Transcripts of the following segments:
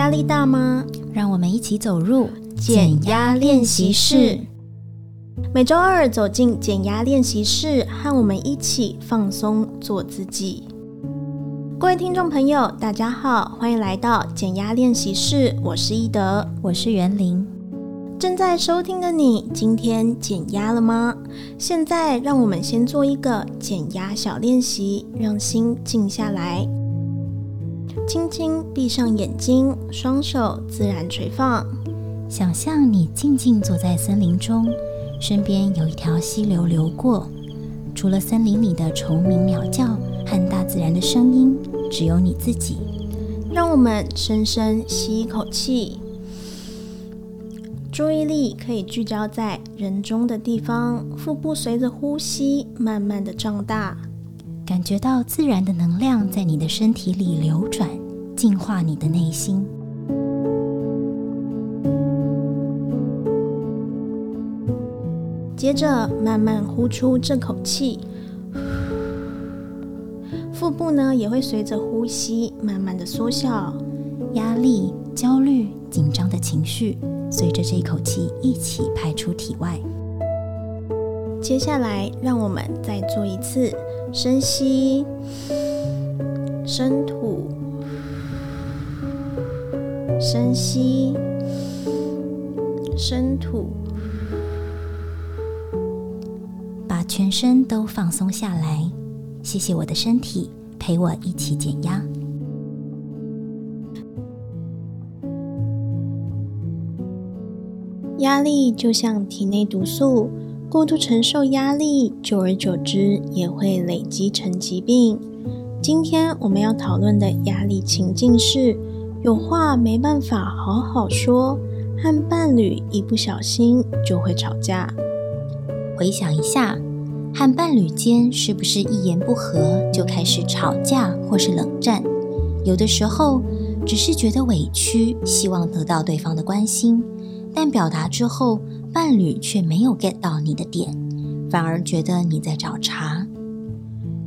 壓力大嗎？讓我們一起走入減壓練習室。每周二走進減壓練習室，和我們一起放鬆做自己。各位聽眾朋友，大家好，歡迎來到減壓練習室。我是易德，我是袁玲。正在收聽的你，今天減壓了嗎？現在讓我們先做一個減壓小練習，讓心靜下來。輕輕閉上眼睛，雙手自然垂放，想象你靜靜坐在森林中，身邊有一條溪流流過。除了森林裡的蟲鳴鳥叫和大自然的聲音，只有你自己。讓我們深深吸一口氣，注意力可以聚焦在人中的地方，腹部隨着呼吸慢慢的脹大。感覺到自然的能量在你的身體裡流轉，淨化你的內心。接着慢慢呼出這口氣，腹部呢也會隨着呼吸慢慢的縮小，壓力、焦慮、緊張的情緒隨着這一口氣一起排出體外。接下來，讓我們再做一次深吸、深吐、深吸、深吐，把全身都放鬆下來。謝謝我的身體陪我一起減壓。壓力就像體內毒素。過度承受壓力，久而久之也會累積成疾病。今天我們要討論的壓力情境是：有話沒辦法好好說，和伴侶一不小心就會吵架。回想一下，和伴侶間是不是一言不合就開始吵架或是冷戰？有的時候只是覺得委屈，希望得到對方的關心，但表達之後，伴侶卻沒有 get 到你的點，反而覺得你在找茬。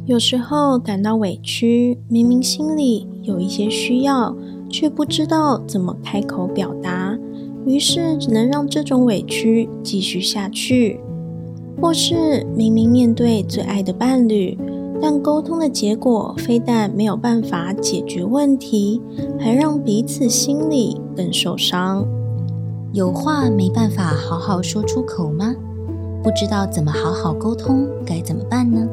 有時候感到委屈，明明心裡有一些需要，卻不知道怎麼開口表達，於是只能讓這種委屈繼續下去。或是明明面對最愛的伴侶，但溝通的結果非但沒有辦法解決問題，還讓彼此心裡更受傷。有話沒辦法好好說出口嗎？不知道怎麼好好溝通該怎麼辦呢？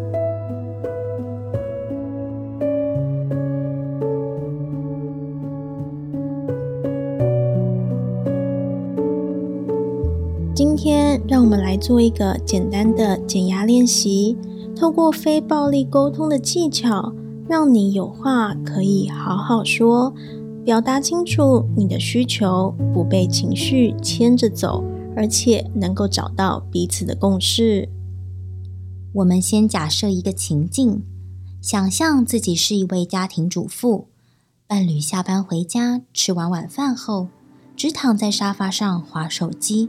今天讓我們來做一個簡單的減壓練習，透過非暴力溝通的技巧，讓你有話可以好好說。表達清楚你的需求，不被情緒牽着走，而且能夠找到彼此的共識。我們先假設一個情境，想象自己是一位家庭主婦，伴侶下班回家，吃完晚飯後，只躺在沙發上滑手機，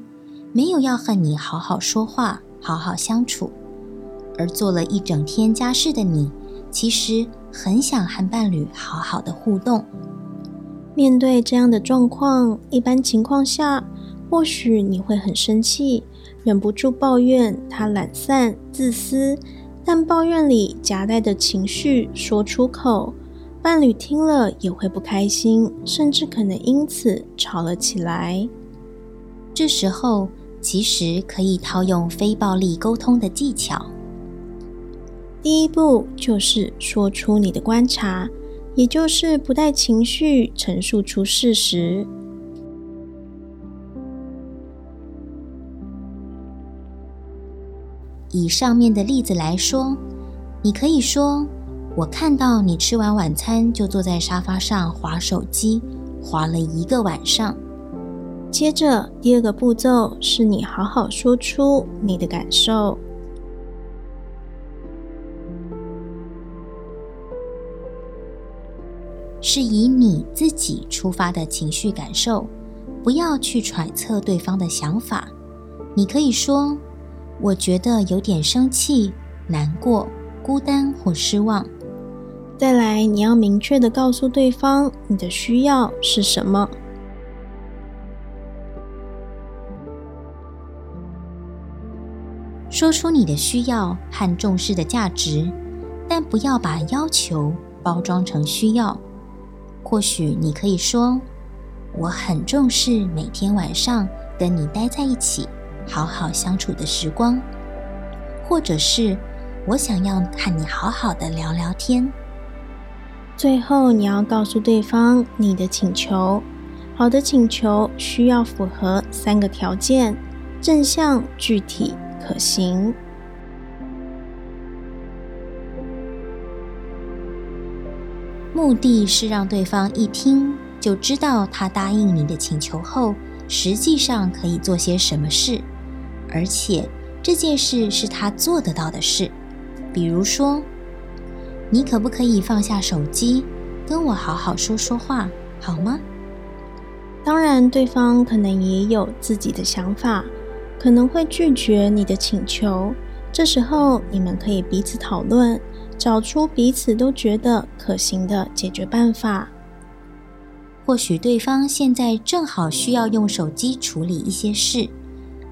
沒有要和你好好說話、好好相處。而做了一整天家事的你，其實很想和伴侶好好的互動。面對這樣的狀況，一般情況下，或許你會很生氣，忍不住抱怨他懶散、自私。但抱怨裡夾帶的情緒說出口，伴侶聽了也會不開心，甚至可能因此吵了起來。這時候，其實可以套用非暴力溝通的技巧。第一步就是說出你的觀察。也就是不帶情緒陳述出事實。以上面的例子來說，你可以說：“我看到你吃完晚餐就坐在沙發上滑手機，滑了一個晚上。”接着，第二個步驟是你好好說出你的感受。是以你自己出發的情緒感受，不要去揣測對方的想法。你可以說：“我覺得有點生氣、難過、孤單或失望。”再來，你要明確地告訴對方你的需要是什麼，說出你的需要和重視的價值，但不要把要求包裝成需要。或許你可以說：“我很重視每天晚上跟你待在一起、好好相處的時光。”或者是我想要和你好好的聊聊天。最後，你要告訴對方你的請求。好的請求需要符合三個條件：正向、具體、可行。目的是讓對方一聽就知道，他答應你的請求後，實際上可以做些什麼事，而且這件事是他做得到的事。比如說，你可不可以放下手機，跟我好好說說話，好嗎？當然，對方可能也有自己的想法，可能會拒絕你的請求。這時候，你們可以彼此討論。找出彼此都覺得可行的解決辦法。或許對方現在正好需要用手機處理一些事，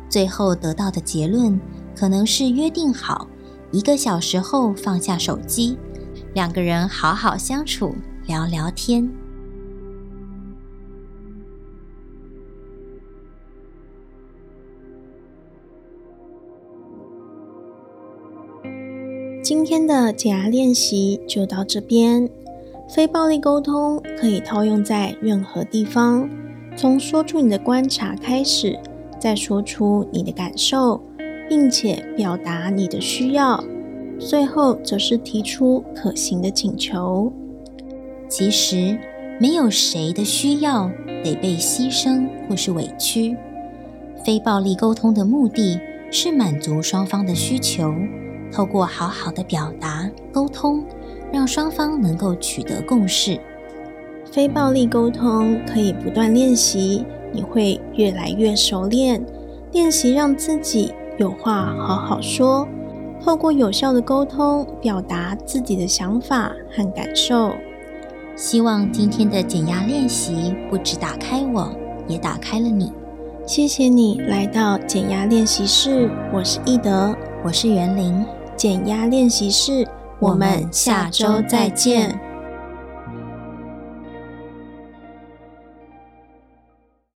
最後得到的結論可能是約定好一個小時後放下手機，兩個人好好相處，聊聊天。今天的解壓練習就到這邊。非暴力溝通可以套用在任何地方，從說出你的觀察開始，再說出你的感受，並且表達你的需要，最後則是提出可行的請求。其實沒有誰的需要得被犧牲或是委屈。非暴力溝通的目的是滿足雙方的需求。透過好好的表達溝通，讓雙方能夠取得共識。非暴力溝通可以不斷練習，你會越來越熟練。練習，讓自己有話好好說，透過有效的溝通表達自己的想法和感受。希望今天的減壓練習不只打開我，也打開了你。謝謝你來到減壓練習室，我是易德，我是袁玲。減壓練習室，我們下週再見。